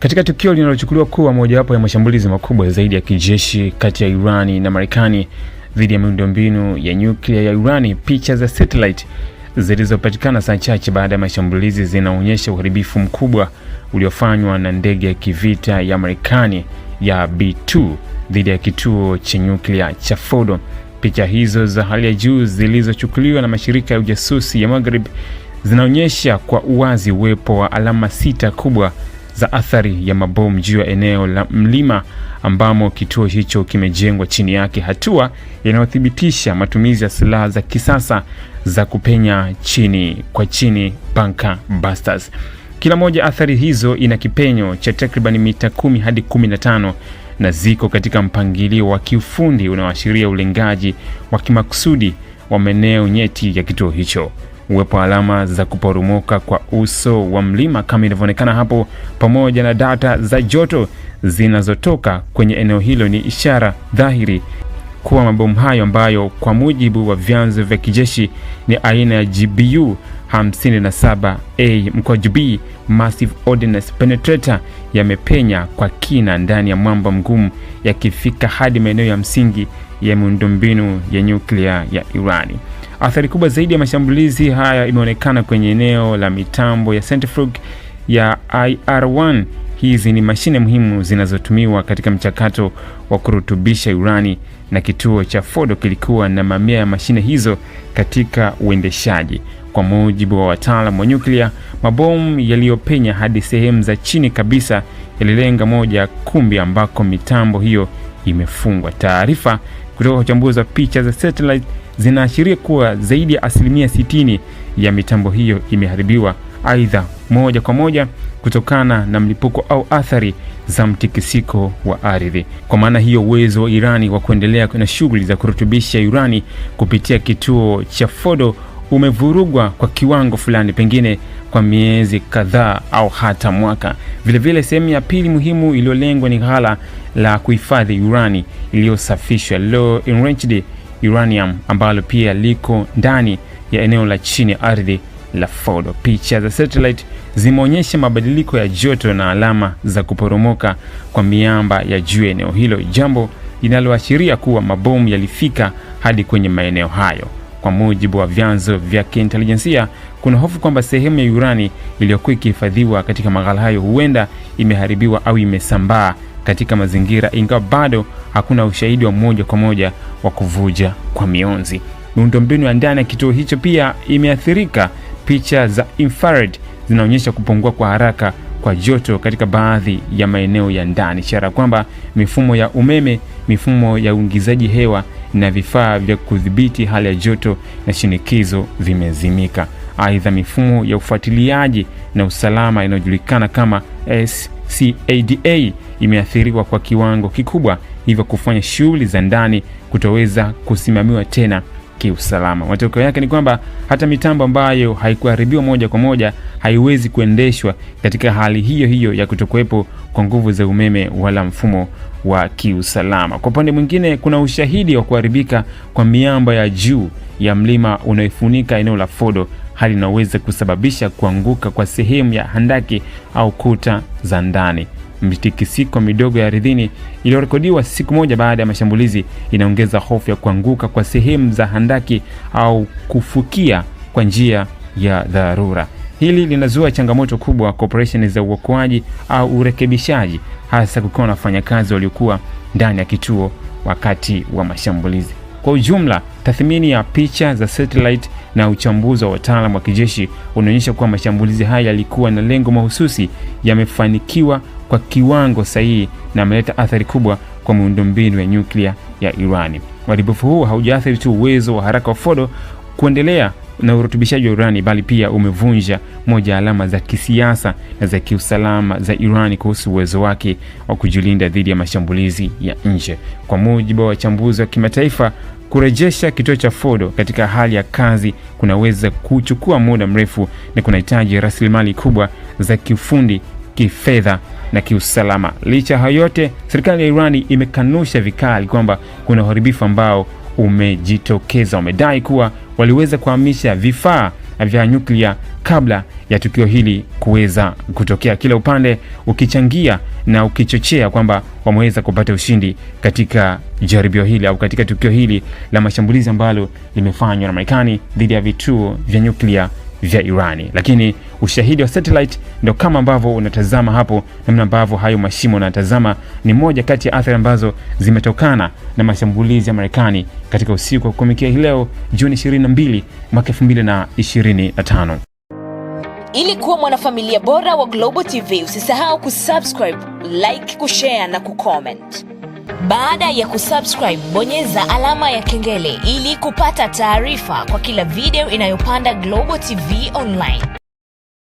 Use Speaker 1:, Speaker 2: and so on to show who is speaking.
Speaker 1: Katika tukio linalochukuliwa kuwa mojawapo ya mashambulizi makubwa zaidi ya kijeshi kati ya Irani na Marekani dhidi ya miundombinu ya nyuklia ya Irani, picha za satellite zilizopatikana saa chache baada ya mashambulizi zinaonyesha uharibifu mkubwa uliofanywa na ndege ya kivita ya Marekani ya B2 dhidi ya kituo cha nyuklia cha Fordo. Picha hizo za hali ya juu zilizochukuliwa na mashirika ya ujasusi ya Magharibi zinaonyesha kwa uwazi uwepo wa alama sita kubwa za athari ya mabomu juu ya eneo la mlima ambamo kituo hicho kimejengwa chini yake, hatua inayothibitisha matumizi ya silaha za kisasa za kupenya chini kwa chini, bunker busters. Kila moja athari hizo ina kipenyo cha takriban mita kumi hadi kumi na tano na ziko katika mpangilio wa kiufundi unaoashiria ulengaji wa kimakusudi wa maeneo nyeti ya kituo hicho uwepo alama za kuporomoka kwa uso wa mlima kama inavyoonekana hapo, pamoja na data za joto zinazotoka kwenye eneo hilo, ni ishara dhahiri kuwa mabomu hayo ambayo kwa mujibu wa vyanzo vya kijeshi ni aina ya GBU 57A mkojo B Massive Ordnance Penetrator yamepenya kwa kina ndani ya mwamba mgumu yakifika hadi maeneo ya msingi ya miundombinu ya nyuklia ya Irani. Athari kubwa zaidi ya mashambulizi haya imeonekana kwenye eneo la mitambo ya centrifuge ya IR1. Hizi ni mashine muhimu zinazotumiwa katika mchakato wa kurutubisha urani na kituo cha Fordo kilikuwa na mamia ya mashine hizo katika uendeshaji. Kwa mujibu wa wataalam wa nyuklia, mabomu yaliyopenya hadi sehemu za chini kabisa yalilenga moja kumbi ambako mitambo hiyo imefungwa. Taarifa kutoka kwa uchambuzi wa picha za satellite zinaashiria kuwa zaidi ya asilimia sitini ya mitambo hiyo imeharibiwa aidha moja kwa moja kutokana na mlipuko au athari za mtikisiko wa ardhi. Kwa maana hiyo, uwezo wa Irani wa kuendelea na shughuli za kurutubisha urani kupitia kituo cha Fordo umevurugwa kwa kiwango fulani, pengine kwa miezi kadhaa au hata mwaka. Vilevile, sehemu ya pili muhimu iliyolengwa ni ghala la kuhifadhi urani iliyosafishwa low enriched uranium ambalo pia liko ndani ya eneo la chini ya ardhi la Fordo. Picha za satellite zimeonyesha mabadiliko ya joto na alama za kuporomoka kwa miamba ya juu eneo hilo, jambo linaloashiria kuwa mabomu yalifika hadi kwenye maeneo hayo. Kwa mujibu wa vyanzo vya kiintelijensia, kuna hofu kwamba sehemu ya urani iliyokuwa ikihifadhiwa katika maghala hayo huenda imeharibiwa au imesambaa katika mazingira, ingawa bado hakuna ushahidi wa moja kwa moja wa kuvuja kwa mionzi. Miundombinu ya ndani ya kituo hicho pia imeathirika. Picha za infrared zinaonyesha kupungua kwa haraka kwa joto katika baadhi ya maeneo ya ndani, ishara kwamba mifumo ya umeme, mifumo ya uingizaji hewa na vifaa vya kudhibiti hali ya joto na shinikizo vimezimika. Aidha, mifumo ya ufuatiliaji na usalama inayojulikana kama SCADA imeathiriwa kwa kiwango kikubwa, hivyo kufanya shughuli za ndani kutoweza kusimamiwa tena kiusalama. Matokeo yake ni kwamba hata mitambo ambayo haikuharibiwa moja kwa moja haiwezi kuendeshwa katika hali hiyo hiyo ya kutokuwepo kwa nguvu za umeme wala mfumo wa kiusalama. Kwa upande mwingine, kuna ushahidi wa kuharibika kwa miamba ya juu ya mlima unayofunika eneo la fodo hali inaweza kusababisha kuanguka kwa sehemu ya handaki au kuta za ndani. Mitikisiko midogo ya ardhini iliyorekodiwa siku moja baada ya mashambulizi inaongeza hofu ya kuanguka kwa sehemu za handaki au kufukia kwa njia ya dharura. Hili linazua changamoto kubwa kwa operesheni za uokoaji au urekebishaji, hasa kukiwa na wafanyakazi waliokuwa ndani ya kituo wakati wa mashambulizi. Kwa ujumla, tathmini ya picha za satellite na uchambuzi wa wataalamu wa kijeshi unaonyesha kuwa mashambulizi haya yalikuwa na lengo mahususi, yamefanikiwa kwa kiwango sahihi na ameleta athari kubwa kwa miundombinu ya nyuklia ya Irani. Uharibifu huu haujaathiri tu uwezo wa haraka wa Fordo kuendelea na urutubishaji wa urani bali pia umevunja moja alama za kisiasa na za kiusalama za Irani kuhusu uwezo wake wa kujilinda dhidi ya mashambulizi ya nje. Kwa mujibu wa wachambuzi wa kimataifa, kurejesha kituo cha Fordo katika hali ya kazi kunaweza kuchukua muda mrefu na kunahitaji rasilimali kubwa za kiufundi kifedha na kiusalama. Licha hayo yote, serikali ya Irani imekanusha vikali kwamba kuna uharibifu ambao umejitokeza. Wamedai kuwa waliweza kuhamisha vifaa vya nyuklia kabla ya tukio hili kuweza kutokea, kila upande ukichangia na ukichochea kwamba wameweza kupata ushindi katika jaribio hili au katika tukio hili la mashambulizi ambalo limefanywa na Marekani dhidi ya vituo vya nyuklia vya Irani. Lakini ushahidi wa satellite ndio kama ambavyo unatazama hapo, namna ambavyo hayo mashimo unatazama ni moja kati ya athari ambazo zimetokana na mashambulizi ya Marekani katika usiku wa kuamkia hii leo Juni 22 mwaka 2025. Ili kuwa mwanafamilia bora wa Global TV, usisahau kusubscribe, like, kushare na kucomment. Baada ya kusubscribe, bonyeza alama ya kengele ili kupata taarifa kwa kila video inayopanda Global TV Online.